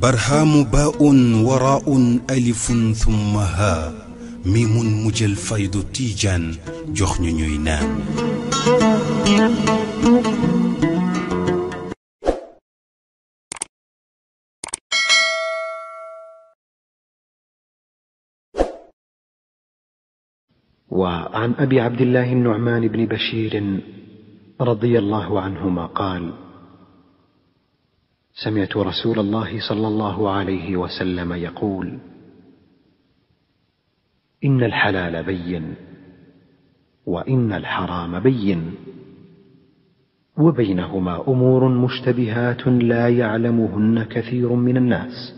barhaamu baa'un waraa'un alifun thumma haa miimun mu jël faydu tiijaan jox ñu ñuy naan وعن ابي عبد الله النعمان بن بشير رضي الله عنهما قال سمعت رسول الله صلى الله عليه وسلم يقول ان الحلال بين وان الحرام بين وبينهما امور مشتبهات لا يعلمهن كثير من الناس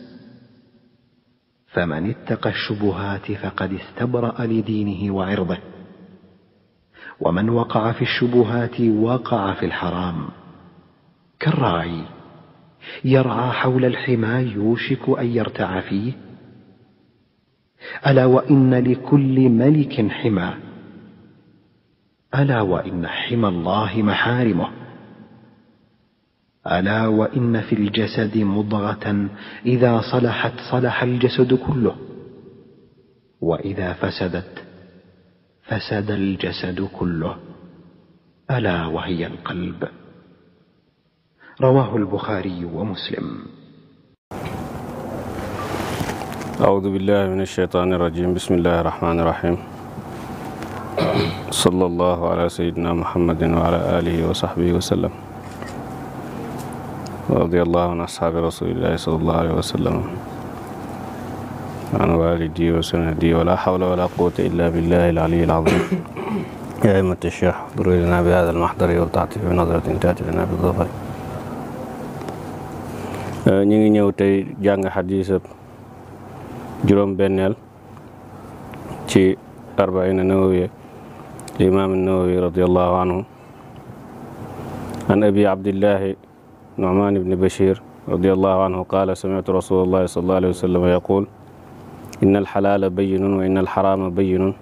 فمن اتقى الشبهات فقد استبرا لدينه وعرضه ومن وقع في الشبهات وقع في الحرام كالراعي يرعى حول الحمى يوشك أن يرتع فيه ألا وإن لكل ملك حمى ألا وإن حمى الله محارمه ألا وإن في الجسد مضغة إذا صلحت صلح الجسد كله وإذا فسدت فسد الجسد كله ألا وهي القلب رواه البخاري ومسلم أعوذ بالله من الشيطان الرجيم بسم الله الرحمن الرحيم صلى الله على سيدنا محمد وعلى آله وصحبه وسلم رضي الله عن أصحاب رسول الله صلى الله عليه وسلم عن والدي وسندي ولا حول ولا قوة إلا بالله العلي العظيم يا أئمة الشيخ احضروا لنا بهذا المحضر والتعطيف بنظرة تأتي لنا بالظفر Euh, ñu ngi ñëw tey jàng xadisab juróom benneel ci arbaina nawawiya limaam nawawi radiallahu anhu an abi abdillahi nucman ibni bashir radiallahu anhu qaala samitu rasulallahi sallallahu alayhi wa sallam yaqul inna alxalaala bayinun wa inna alxaraama bayinun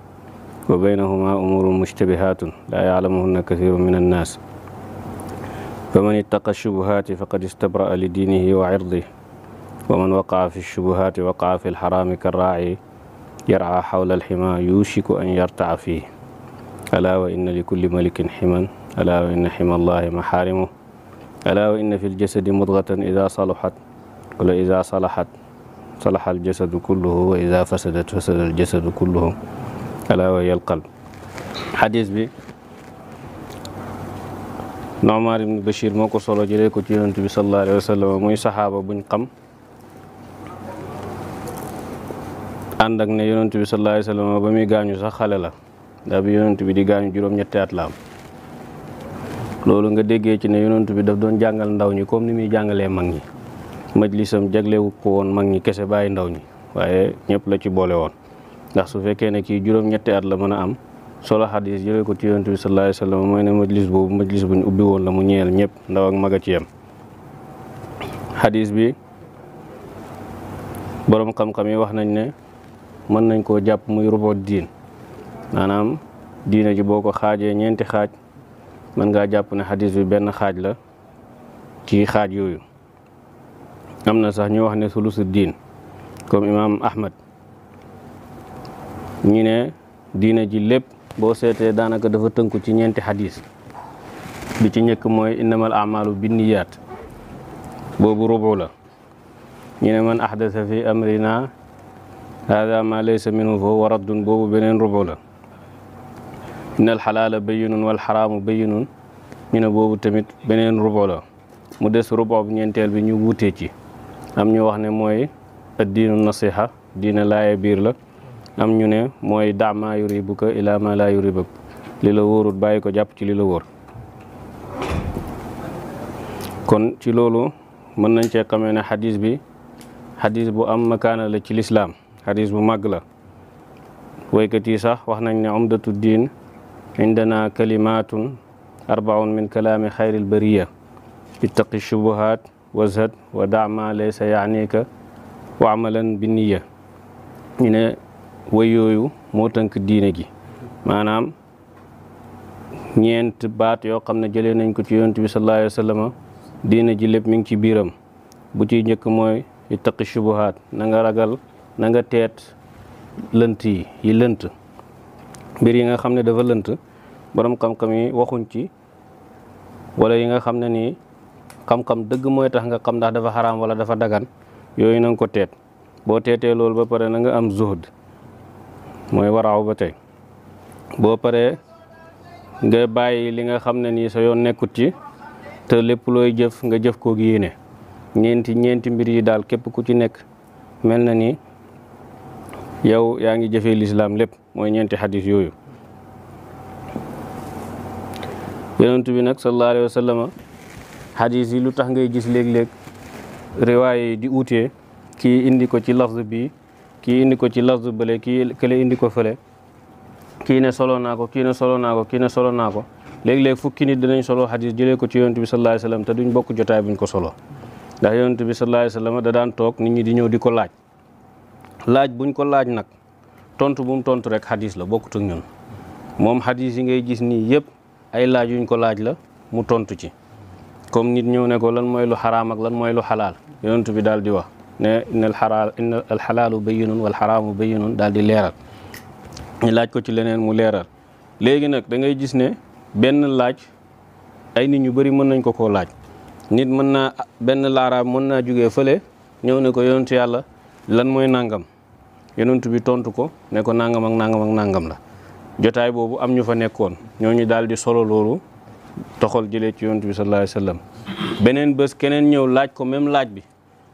wa baynahuma umuurun mushtabihaatun laa yaclamuhunna kathiru min annaas faman ittaqa shubuhaati faqad istabra'a li diinihi wa irdihi wa man waqaa fi shubuhaati waqaa fi lxaraami karraaci yarcaa xawla alximaa yuushiku an yartaca fiihi alaa wa inna likulli malikin ximan alaa wa inna xima allahi maxaarimuh alaa wa inna fi ljasadi mudgatan ida saluxat wala ida salaxat salaxa aljasadu kulluhu wa ida fasadat fasada aljasadu kulluhu alaa wa hiya alqalb xadiis bi Noomar ibn Bachir moo ko solo jëlee ko ci yonent bi sallallahu alayhi wa muy saxaaba buñ xam àndak ne yonent bi sallallahu alayhi ba muy gaañu sax xale la ndax bi yonent bi di gaañu juróom-ñetti at la am loolu nga déggee ci ne yonent bi daf doon jàngal ndaw ñi comme ni muy jàngalee mag ñi majlisam jaglewu ko woon mag ñi kese bàyyi ndaw ñi waaye ñëpp la ci boole woon ndax su fekkee ne kii juróom-ñetti at la mën a am. solo xadis jëlee ko ci yonent bi sallallahu alayhi wa sallam mooy ne majlis boobu majlis buñ ubbi woon la mu ñeel ñëpp ndaw ak mag a ci xadis bi boroom xam-xam yi wax nañ ne mën nañ koo jàpp muy rubu diin maanaam diine ji boo ko xaajee ñeenti xaaj mën ngaa jàpp ne xadis bi benn xaaj la ci xaaj yooyu am na sax ñu wax ne sulusu diin comme imaam Ahmad ñu ne diine ji lépp boo seetee daanaka dafa tënku ci ñeenti xadis bi ci njëkk mooy innamal amalu binniyaat boobu rubu la ñu ne man ahdasa fi amrina hada ma laysa minhu fa huwa boobu beneen rubu la inna alxalaala bayinun wal xaraamu bayinun ñu ne boobu tamit beneen rubu la mu des rubu ñeenteel bi ñu wutee ci am ñu wax ne mooy ad diinu nasiha diina laaye biir la am ñu ne mooy daa maa yuribuka ilaa maa laa yuribuk li la wóorut bàyyi ko jàpp ci li la wóor kon ci loolu mën nañ cee xamee ne xadis bi xadis bu am makaana la ci lislaam xadis bu màgg la woykat yi sax wax nañ ne umdatu diin indana kalimatun arbaun min kalaami xayril bariya ittaqi shubuhaat wazhad wa daama laysa yaanika wa amalan bi niya way yooyu moo tënk diine ji maanaam ñeent baat yoo xam ne jëlee nañ ko ci yonent bi sallallahu alayhi wa ji lépp mi ngi ci biiram bu ciy njëkk mooy ittaqi shubuhaat na nga ragal nanga teet lënt yi yi lënt mbir yi nga xam ne dafa lënt borom xam-xam yi waxuñ ci wala yi nga xam ne ni xam-xam dëgg mooy tax nga xam ndax dafa xaraam wala dafa dagan yooyu nang ko teet boo teetee loolu ba pare na nga am zuhd mooy waraaw ba tey boo paree nga bàyyi li nga xam na ni sa yoon nekkut ci te lépp looy jëf nga jëf koog yéene ñeenti ñeenti mbir yi daal képp ku ci nekk mel na ni yow yaa ngi jëfee lislaam lépp mooy ñeenti xadis yooyu yonent bi nag sallallahu alayhi wa yi lu tax ngay gis léeg-léeg riwaay di uutee ki indi ko ci lafz bi kii indi ko ci lafzu bële kii kële indi ko fële kii ne solo naa ko kii ne solo naa ko kii ne solo naa ko léegi-léegi fukki nit dinañ solo xadis jëlee ko ci yonent bi sallallahu alayhi wasallam te duñ bokk jotaay buñ ko solo ndax yonent bi sallallahu alayhi wasallam da daan toog nit ñi di ñëw di ko laaj laaj buñ ko laaj nag tontu bu tontu rek xadiis la bokkut ak ñun moom xadis yi ngay gis nii yëpp ay laaj yuñ ko laaj la mu tontu ci comme nit ñëw ne ko lan mooy lu xaraam ak lan mooy lu xalaal yonent bi daal di wax ne inal xaraal inal xalaalu bayyinun wal xaraamu bayyinun daal di leeral ñu laaj ko ci leneen mu leeral léegi nag dangay gis ne benn laaj ay nit ñu bëri mën nañ ko koo laaj nit mën na benn laaraab mën naa jugee fële ñëw ne ko yonentu yàlla lan mooy nangam yonentu bi tontu ko ne ko nangam ak nangam ak nangam la jotaay boobu am ñu fa nekkoon ñooñu daal di solo loolu toxal jëlee ci yonentu bi sallallahu alayhi beneen bés keneen ñëw laaj ko même laaj bi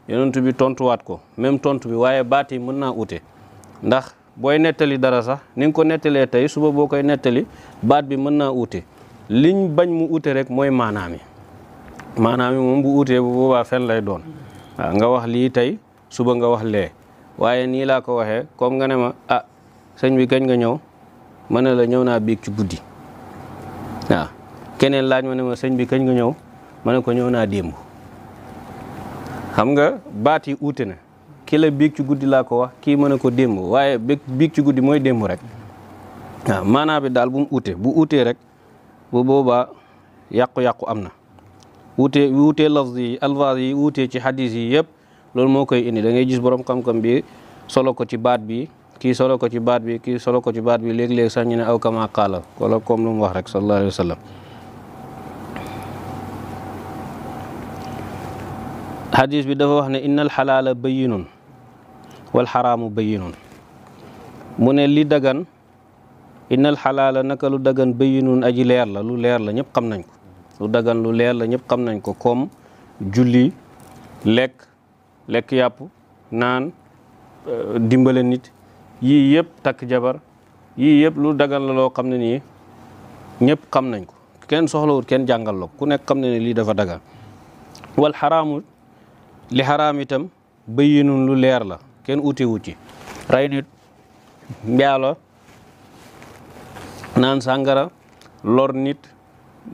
yonent bi tontuwaat ko même tontu bi waaye baat yi mën naa ute ndax booy nettali dara sax ni ko nettalee tey suba boo koy nettali baat bi mën naa ute liñ bañ mu ute rek mooy maanaam yi maanaam yi moom bu utee bu fen lay doon nga wax lii tey suba nga wax lee waaye nii laa ko waxee comme nga ne ma ah sëñ bi kañ nga ñëw ma ne la ñëw naa biig ci guddi waaw keneen laaj ma ne ma sëñ bi kañ nga ñëw ma ne ko ñëw naa démb xam nga baat yi uute na ki la biig ci guddi laa ko wax kii mën a ko démb waaye biig biig ci guddi mooy démb rek waaw maanaa bi daal bu mu uute bu uutee rek bu boobaa yàqu-yàqu am na wuutee wuutee lafz yi alfaaz yi wuutee ci hadis yi yëpp loolu moo koy indi da ngay gis borom xam-xam bi solo ko ci baat bi kii solo ko ci baat bi kii solo ko ci baat bi léeg-léeg sax ñu ne aw kama qaala wala comme lu mu wax rek sallallahu alayhi wa sallam hadis bi dafa wax ne innal xalaala bayinun wal bayi bayinun mu ne li dagan innal xalaala naka lu dagan bayinun aji leer la lu leer la ñëpp xam nañ ko lu dagan lu leer la ñëpp xam nañ ko comme julli lekk lekk yàpp naan euh, dimbale nit yii yëpp takk jabar yi yëpp lu dagan la loo xam ne nii ñëpp xam nañ ko kenn soxlawul kenn jàngal la ku nekk xam ne ne lii dafa daga wal xaraamu li xaraam itam bayyinun lu leer la kenn uti wu ci rey nit mbiyaalo naan sàngara lor nit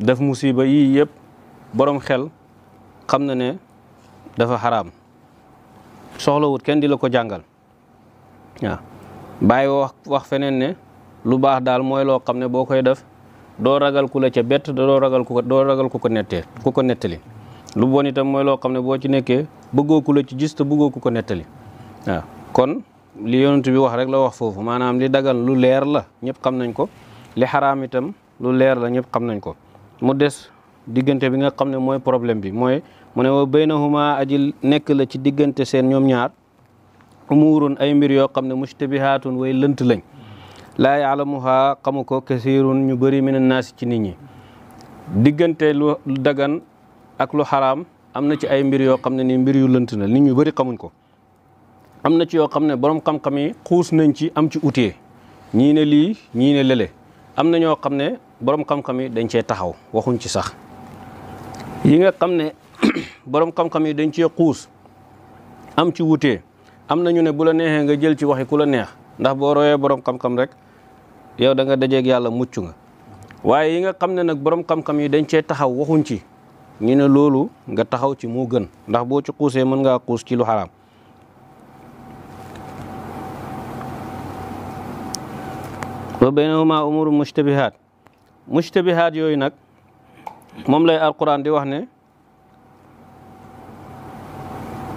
def musiba yii yépp boroom xel xam na ne dafa xaraam soxlawut kenn di la ko jàngal waaw bàyyi wax wax feneen ne lu baax daal mooy loo xam ne boo koy def doo ragal ku la ca bett doo ragal ku ko doo ragal ku ko nettee ku ko nettali lu bon itam mooy loo xam ne boo ci nekkee bëggoo ku la ci gis te bëggoo ku ko nettali waaw kon li yonent bi wax rek la wax foofu maanaam li dagan lu leer la ñëpp xam nañ ko li xaraam itam lu leer la ñëpp xam nañ ko mu des diggante bi nga xam ne mooy problème bi mooy mu ne wa baynahuma aji nekk la ci diggante seen ñoom ñaar umuurun ay mbir yoo xam ne mushtabihaatun way lënt lañ laa yaalamuha xamu ko kasirun ñu bëri min annaasi ci nit ñi diggante lu dagan ak lu xaraam am na ci ay mbir yoo xam ne ni mbir yu lënt na nit ñu bari xamuñ ko am na ci yoo xam ne borom xam-xam yi xuus nañ ci am ci utee ñii ne lii ñii ne lële am na ñoo xam ne borom xam-xam yi dañ cee taxaw waxuñ ci sax yi nga xam ne borom xam yi dañ cee xuus am ci wutee am na ñu ne bu la neexee nga jël ci waxi ku la neex ndax boo royee borom xam-xam rek yow danga nga yàlla mucc nga waaye yi nga xam ne nag borom xam-xam yi dañ cee taxaw waxuñ ci ñu ne loolu nga taxaw ci moo gën ndax boo ci xuusee mën ngaa xuus ci lu xaraam wa baynahuma umuru mushtabihaat mushtabihaat yooyu nag moom lay alquran di wax ne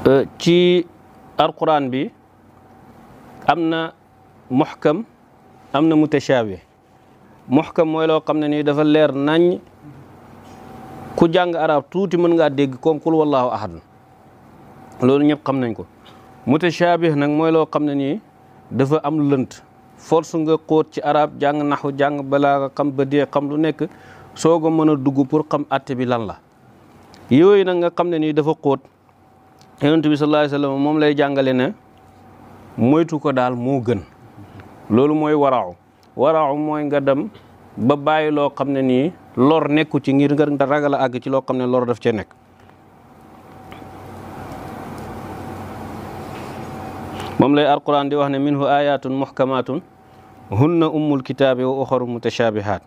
e, ci alquran bi am na muxkam am na mutashaabi muxkam mooy loo xam ne nii dafa leer nañ ku jàng arab tuuti mën ngaa dégg comme kul wallahu ahad loolu ñëpp xam nañ ko mutashaabih nag mooy loo xam ne nii dafa am lënt force nga xóot ci arab jàng naxu jàng balaa xam ba dee xam lu nekk soog a mën a dugg pour xam atte bi lan la yooyu nag nga xam ne nii dafa xóot yonent bi sallallahu alayhi wasallam moom lay jàngale na moytu ko daal moo gën loolu mooy waraaw waraaw mooy nga dem ba bàyyi loo xam ne nii lor nekku ci ngir nga ragal a àgg ci loo xam ne lor daf cee nekk moom lay alquran di wax ne minhu ayatun muhkamatun hunna ummul kitaabi wa uxaru mutashabihat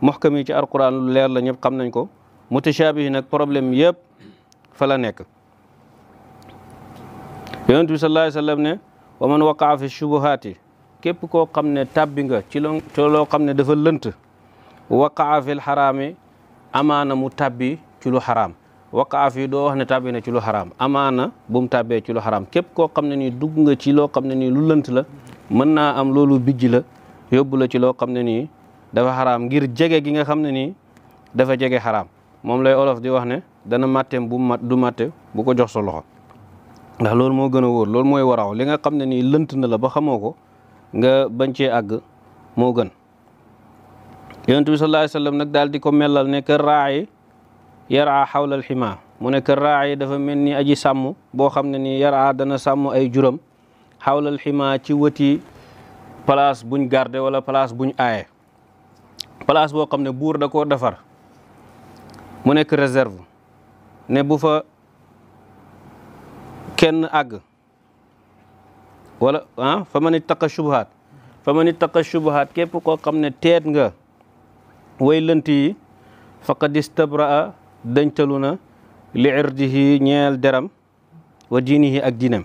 muhkam yi ci alquran lu leer la ñëpp xam nañ ko mutashabihi nag problème yëpp fa la nekk yonent bi sallallahu alayhi ne wa man waqaa fi shubuhaati képp koo xam ne tàbbi nga ci loo ci loo xam ne dafa lënt waqaa fil xaraami amaana mu tàbbi ci lu xaraam waqaa doo wax ne tàbbi na ci lu xaraam amaana bu mu tàbbee ci lu xaraam képp koo xam ne nii dugg nga ci loo xam ne nii lu lënt la mën naa am loolu bijj la yóbbu la ci loo xam ne nii dafa xaraam ngir jege gi nga xam ne ni dafa jege xaraam moom lay olof di wax ne dana màtteem bu mat du màtte bu ko jox sa loxo ndax loolu moo gën a wóor loolu mooy waraaw li nga xam ne nii lënt la ba xamoo ko nga bañ cee àgg moo gën yonent bi nag daal di ko mellal ne que raayi yaraa xawla alxima mu ne raa yi dafa mel ni aji sàmm boo xam ne ni yaraa dana sàmm ay juram xawlal alxima ci wëti place buñ garde wala place buñ aaye place boo xam ne buur da koo defar mu nekk réserve ne bu fa kenn àgg wala ah fa man ittaqa shubuhaat fa man takkal shubuhaat képp koo xam ne teet nga woy lënt yi faqad istabraa dencalu na li irdihi ñeel deram wa diinihi ak diinam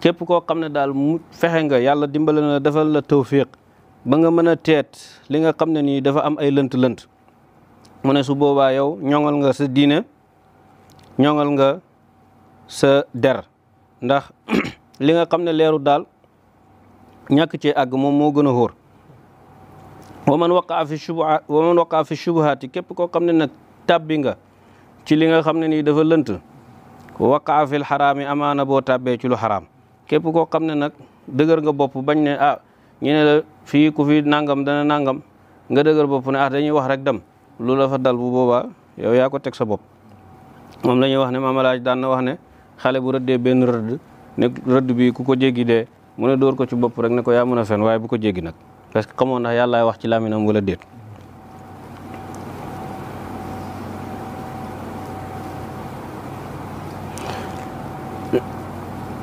képp koo xam ne daal mu fexe nga yàlla dimbale na defal la tawfiq ba nga mën a teet li nga xam ne nii dafa am ay lënt-lënt mu ne su boobaa yow ñoŋal nga sa diine ñoŋal nga sa der ndax li nga xam ne leeru daal ñàkk cee àgg moom moo gën a xóor wa man waqaa fi shubha wa man fi shubhaati képp koo xam ne nag tàbbi nga ci li nga xam ne nii dafa lënt waqaa fil xaraami amaana boo tàbbee ci lu xaraam képp koo xam ne nag dëgër nga bopp bañ ne ah ñu ne la fii ku fi nangam dana nangam nga dëgër bopp ne ah dañuy wax rek dem lu la dal bu boobaa ko teg sa bopp moom la ñuy wax ne maamalaaj daan na wax ne xale bu rëddee benn rëdd ne rëdd ku ko jéggi dee mu ne dóor ko ci bopp rek ne ko yaa mën fen waaye bu ko jéggi nag parce que xamoon ndax yàllaay wax ci làmminam wala déet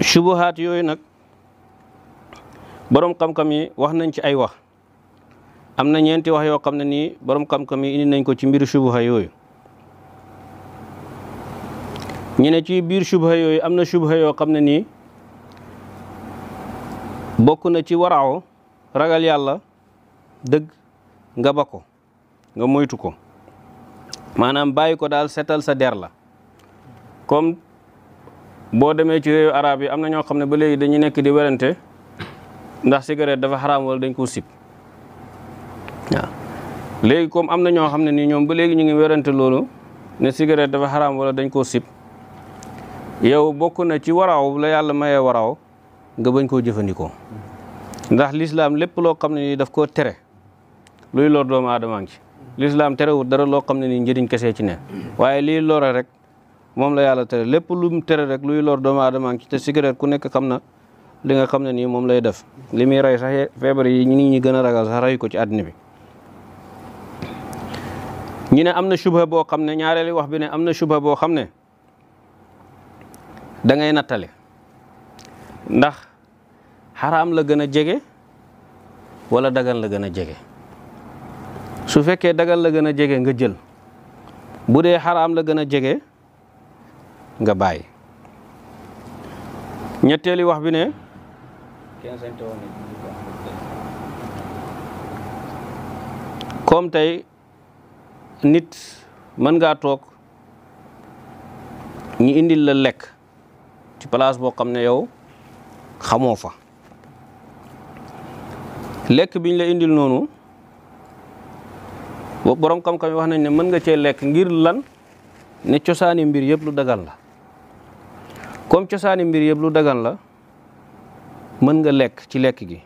subuhaat yooyu nag boroom xam-xam yi wax nañ ci ay wax am na ñeenti wax yoo xam ne nii boroom xam-xam yi indi nañ ko ci mbiru subuha yooyu ñu ne ci biir subuha yooyu am na subuha yoo xam ne nii bokk na ci waraaw ragal yàlla dëgg nga ba ko nga moytu ko maanaam bàyyi ko daal seetal sa der la comme boo demee ci réewu arab yi am na ñoo xam ne ba léegi dañuy nekk di werante ndax cigarette dafa xaraam wala dañ koo sib waaw am na ñoo xam ne nii ñoom ba léegi ñu ngi werante loolu ne cigarette dafa xaraam dañ koo sib yow bokk na ci waraaw la yàlla mayee waraaw nga bañ koo jëfandikoo ndax lislaam lépp loo xam ne nii daf koo tere luy lor doomu aadama ngi ci lislaam terewut dara loo xam ne nii njëriñ kese ci ne waaye lii lore rek moom la yàlla tere lépp lum tere rek luy lor doomu aadama ngi ci te cigarette ku nekk xam na li nga xam ne nii moom lay def li muy rey sax feebar yi nit ñi gën a ragal sax rey ko ci àddina bi ñu ne am na subha boo xam ne ñaareelu wax bi ne am na subha boo xam ne dangay ngay nattale ndax xaraam la gën a jege wala dagal la gën a jege su fekkee dagal la gën a jege nga jël bu dee xaraam la gën a jege nga bàyyi ñetteeli wax bi ne kom tey nit mën ngaa toog ñu indil la lekk ci place boo xam ne yow xamoo fa lekk biñ la indil noonu borom xam-xam wax nañ ne mën nga cee lekk ngir lan ne cosaani mbir yëpp lu dagan la kom cosaani mbir yëpp lu dagan la mën nga lekk ci lekk gi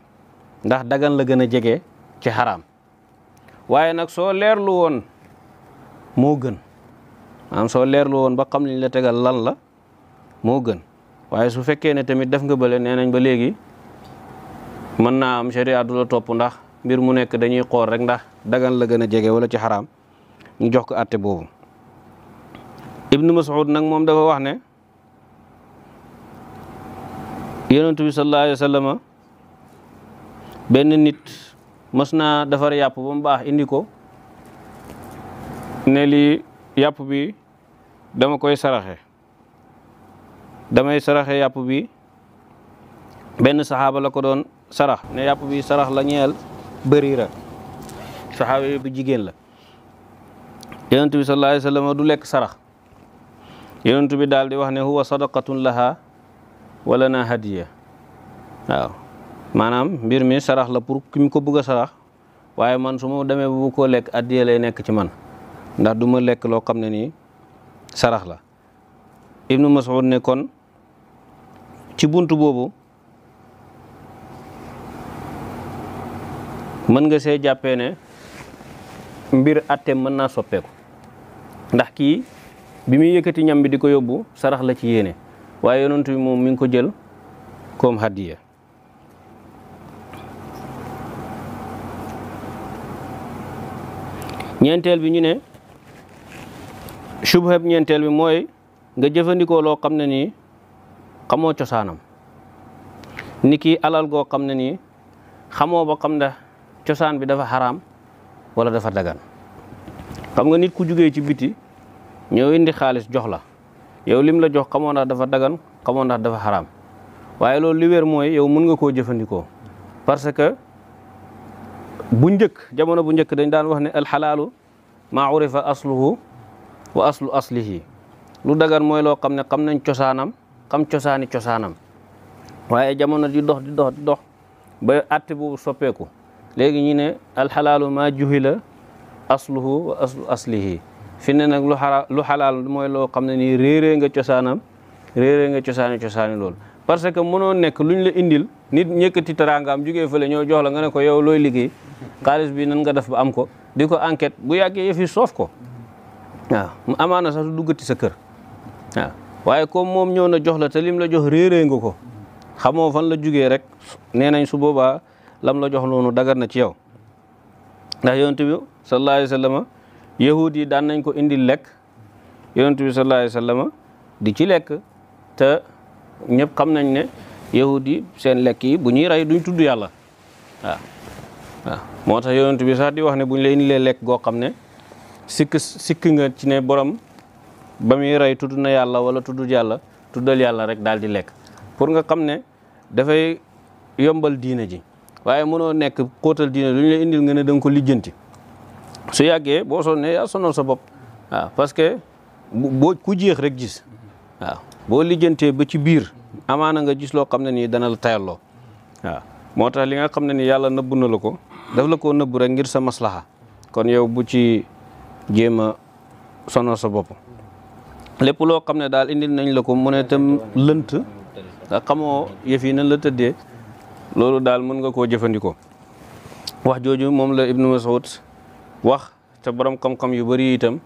ndax dagan la gën a jege ci xaraam waaye nag soo leerlu woon moo gën maanaam soo leerlu woon ba xam liñ la tegal lan la moo gën waaye su fekkee ne tamit def nga bële nee nañ ba léegi mën naa am sharia du topp ndax mbir mu nekk dañuy xool rek ndax dagan la gën a jege wala ci xaraam ñu jox ko atte boobu ibnu mas'ud nag moom dafa wax ne yonentu bi sallallahu alayhi wa benn nit mës naa defar yàpp ba mu baax indi ko ne lii yàpp bi dama koy saraxe damay saraxe yàpp bi benn saxaaba la ko doon sarax ne yàpp bi sarax la ñeel Bariira saxaaba yi bu jigéen la yonent bi sallallahu alayhi du lekk sarax yonent bi daal di wax ne huwa sadaqatun laha wala na hadiya waaw maanaam mbir mi sarax la pour ki ko bëgg a sarax waaye man su ma demee bu koo lekk addiya lay nekk ci man ndax duma lekk loo xam ne nii sarax la Ibnu Mas'ud ne kon ci bunt boobu mën nga see jàppee ne mbir àtte mën naa soppeeku ndax kii bi muy yëkkati ñam bi di ko yóbbu sarax la ci yéene waaye yonent bi moom mi ngi ko jël comme hadiya ñeenteel bi ñu ne shubhab ñeenteel bi mooy nga jëfandikoo loo xam na nii xamoo cosaanam ni kii alal goo xam ne nii xamoo ba xam na cosaan bi dafa xaraam wala dafa dagan xam nga nit ku jugee ci biti ñëw indi xaalis jox la yow lim la jox xamoo ndax dafa dagan xamoo ndax dafa xaraam waaye loolu li wér mooy yow mën nga koo jëfandikoo parce que bu njëkk jamono bu njëkk dañ daan wax ne alxalaalu maa urifa asluhu wa aslu aslihi lu dagan mooy loo xam ne xam nañ cosaanam xam cosaani cosaanam waaye jamono di dox di dox di dox ba atte boobu soppeeku léegi ñu ne alxalaalu maa juhila asluhu wa aslu aslihi fi ne nag lu xara lu xalaal mooy loo xam ne nii réeree nga cosaanam réeree nga cosaani cosaani loolu parce que mënoo nekk luñ la indil nit ñëkkati teraangaam jugee fële ñoo jox la nga ne ko yow looy liggéey xaalis bi nan nga def ba am ko di ko enquête bu yàggee yëf yi soof ko mu amaana sax du duggati sa kër waaye comme moom ñëw na jox la te lim la jox réeree nga ko xamoo fan la jugee rek nee nañ su boobaa lam la jox noonu dagar na ci yow ndax yonent bi sallallahu alayhi wa sallam daan nañ ko indil lekk yonent bi sallallahu alayhi di ci lekk te ñëpp xam nañ ne yahud seen lekk yi bu ñuy rey duñ tudd yàlla waaw waaw moo tax yonent bi sax di wax ne bu ñu la lekk goo xam ne sikk sikk nga ci ne borom ba mu rey tudd na yàlla wala tudd yàlla tuddal yàlla rek daal di lekk pour nga xam ne dafay yombal diina ji waaye mënoo nekk xóotal diine lu ñu la indil nga ne da ko lijjanti su yàggee boo sonnee yaa sonal sa bopp parce que boo ku jeex rek gis waaw boo lijjantee ba ci biir amaana nga gis loo xam ne nii dana la tayalloo waaw moo tax li nga xam ne ni yàlla nëbbu na la ko daf la koo nëbbu rek ngir sa maslaxa kon yow bu ci jéem a sonal sa bopp lépp loo xam ne daal indil nañ la ko mu ne tam lënt nga xamoo yëf yi nan la tëddee loolu daal mën nga koo jëfandikoo wax jooju moom la Ibnu Mas'ud wax te borom xam-xam yu bari itam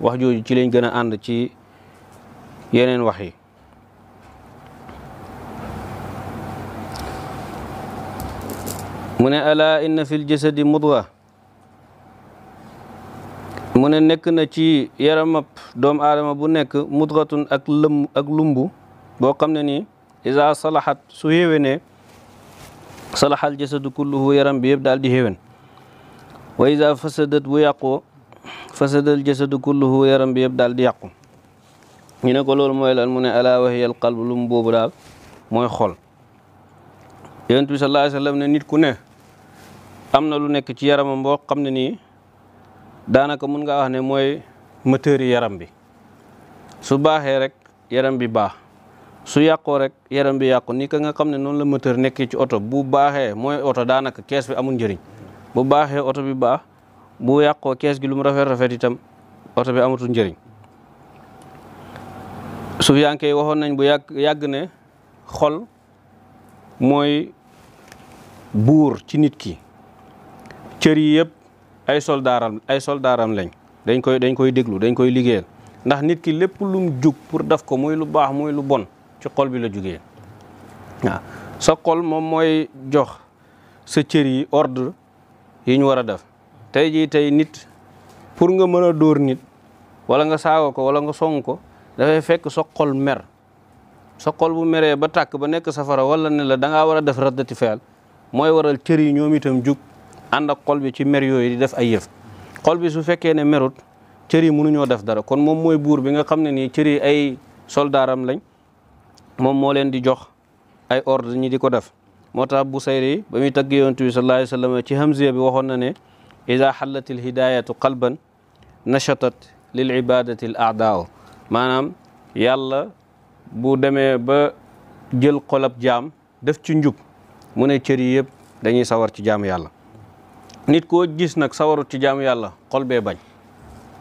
wax jooju ci lañ gën a ànd ci yeneen wax yi mu ne ala inna fil jasadi mudwa mu nekk na ci yaramab doomu aadama bu nekk mudgatun ak lëmm ak lumbu boo xam ne ni isa salaxat su yéwénee salaxal jasadu kulluhu yaram bi yëpp daal di xéwén wa isa fasadat bu yàqoo fasadal jasadu kulluhu yaram bi yëpp daal di yàqu ñu ne ko loolu mooy lan mu alaa wa hiya al qalb lu daal mooy xol yonent bi sallallahu alayhi nit ku ne am na lu nekk ci yaramam boo xam ne ni daanaka mun ngaa wax ne mooy moteur yi yaram bi su baaxee rek yaram bi baax su yàqoo rek yaram bi yàqu ni ka nga xam ne noonu la moteur nekkee ci oto bu baaxee mooy oto daanaka kees bi amul njëriñ bu baaxee oto bi baax bu yàqoo kees gi lu mu rafet rafet itam oto bi amatul njëriñ su kay waxoon nañ bu yàgg yàgg ne xol mooy buur ci nit ki cër yi yëpp ay soldaaram ay soldaaram lañ dañ koy dañ koy déglu dañ koy liggéeyal ndax nit ki lépp lum jug pour def ko muy lu baax muy lu bon ci xol bi la jugee waaw sa xol moom mooy jox sa cër yi ordre yi ñu war a def tey jii tey nit pour nga mën a dóor nit wala nga saaga ko wala nga song ko dafay fekk sa xol mer sa xol bu meree ba tàkk ba nekk safara wala ne la da ngaa war a def raddati feel mooy waral cër yi ñoom itam jug ànd ak xol bi ci mer yooyu di def ay yëf xol bi su fekkee ne merut cër yi mënuñoo def dara kon moom mooy buur bi nga xam ne nii cër yi ay soldaaram lañ moom moo leen di jox ay ordre ñi di ko def moo tax bu sayri ba muy tagg yonent bi sallallahu alayhi wa sallam ci bi waxoon na ne ida xallatil hidayatu qalban nachatat lil ibadati l aadaaw maanaam yàlla bu demee ba jël xolab jaam def ci njub mu ne cër yi yëpp dañuy sawar ci jaamu yàlla nit koo gis nag sawarut ci jaamu yàlla xol bee bañ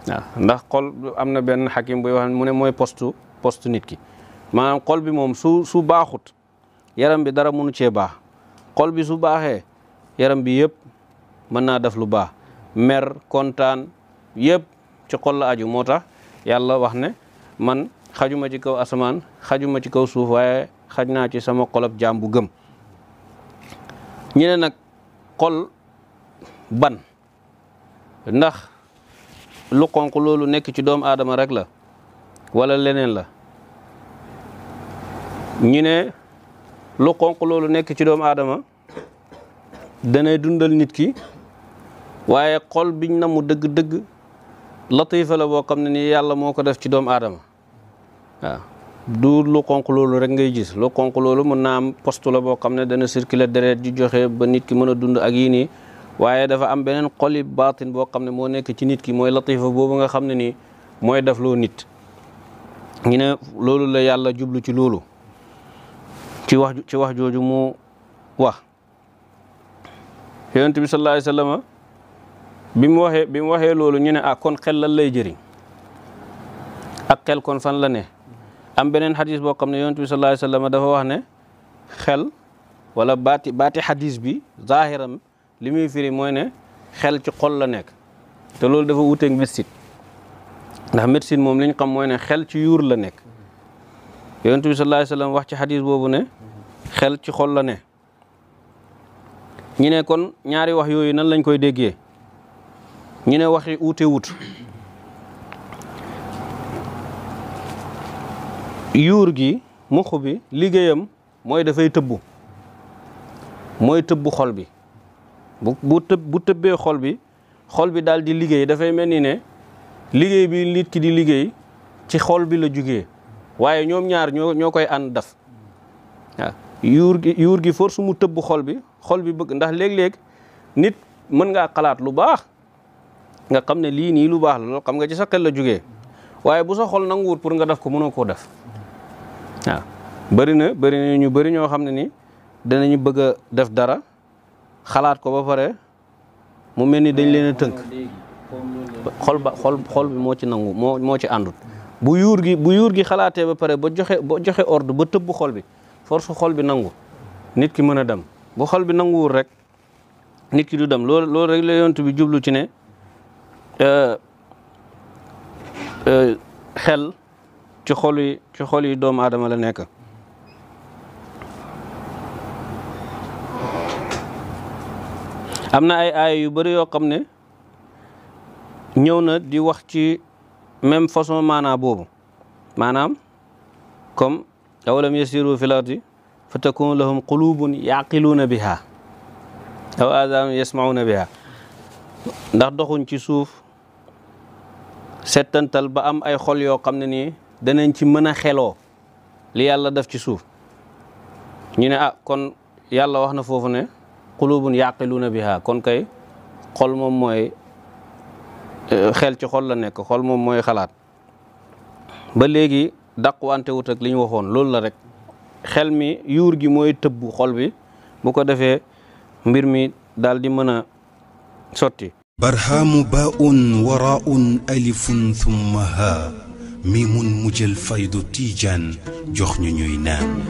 waaw ndax kol am na benn xakim buy wax mu ne mooy postu postu nit ki maanaam xol bi moom su su baaxut yaram bi dara mënu cee baax xol bi su baaxee yaram bi yëpp mën naa def lu baax mer kontaan yëpp ci xol la aju moo tax yàlla wax ne man xajuma ci kaw asamaan xajuma ci kaw suuf waaye xaj naa ci sama xolob jaam bu gëm ñu ne nag xol ban ndax lu xonq loolu nekk ci doomu aadama rek la wala leneen la ñu ne lu xonq loolu nekk ci doomu aadama danay dundal nit ki waaye xol biñ na dëgg-dëgg latifa la boo xam ne ni yàlla moo ko def ci doomu aadama waaw du lu xonq loolu rek ngay gis lu xonq loolu mën naa am poste la boo xam ne dana circuler deret ji joxe ba nit ki mën a dund ak yii nii waaye dafa am beneen xoli baatin boo xam ne moo nekk ci nit ki mooy latifa boobu nga xam ne nii mooy def loo nit ñu ne loolu la yàlla jublu ci loolu ci wax ci wax jooju mu wax yonent bi sallallahu alayhi wa sallam bi mu waxee bi mu waxee loolu ñu ne ah kon xel lan lay jëriñ ak xel kon fan la ne am beneen xadis boo xam ne yonent bi sallallahu alayhi wa sallam dafa wax ne xel wala baati baati xadis bi zaahiram li muy firi mooy ne xel ci xol la nekk te loolu dafa wuuteeg médecine ndax médecine moom li ñu xam mooy ne xel ci yuur la nekk yonent bi sallallahu alayhi wax ci xadis boobu ne xel ci xol la ne ñu ne kon ñaari wax yooyu nan lañ koy déggee ñu ne waxi wuute wut yuur gi mux bi liggéeyam mooy dafay tëbbu mooy tëbb xol bi bu bu tëb bu tëbee xol bi xol bi daal di liggéey dafay mel ni ne liggéey bi nit ki di liggéey ci xol bi la jugee waaye ñoom ñaar ñoo koy ànd daf waaw yuur gi yuur sumu force tëbb xol bi xol bi bëgg ndax léeg-léeg nit mën ngaa xalaat lu baax nga xam ne lii nii lu baax la lool xam nga ci sa xel la jugee waaye bu sa xol nanguwut pour nga def ko mënoo koo def waaw bëri na bëri na ñu bari ñoo xam ne ni danañu bëgg a def dara xalaat ko ba pare mu mel ni dañ leen a tënk xol ba xol xol bi moo ci nangu moo moo ci àndut bu yuur gi bu yuur gi xalaatee ba pare ba joxe ba joxe ordre ba tëbb xol bi force xol bi nangu nit ki mën a dem bu xol bi nanguwul rek nit ki du dem lool loolu rek la yonent bi jublu ci ne e, xel ci xol yi ci xol yi doomu aadama la nekk am na ay aaya yu bëri yoo xam ne ñëw na di wax ci même façon maanaa boobu maanaam comme awalam yasiru fil ardi fa na bi qulubun yaqiluuna biha aw aadaanun yasmauna biha ndax doxuñ ci suuf settantal ba am ay xol yoo xam ne nii danañ ci mën a xeloo li yàlla def ci suuf ñu ne ah kon yàlla wax na foofu ne qulubun yaqiluuna biha kon kay xol moom mooy eh, xel ci xol la nekk xol moom mooy xalaat ba léegi dàquwante wut ak li waxoon loolu la rek xel mi yuur gi mooy tëbbu xol bi bu ko defee mbir mi daal di mën a sotti barhaamu baun waraun alifun thumma ha mimun mujjal faydu tiijaan jox ñu ñuy naan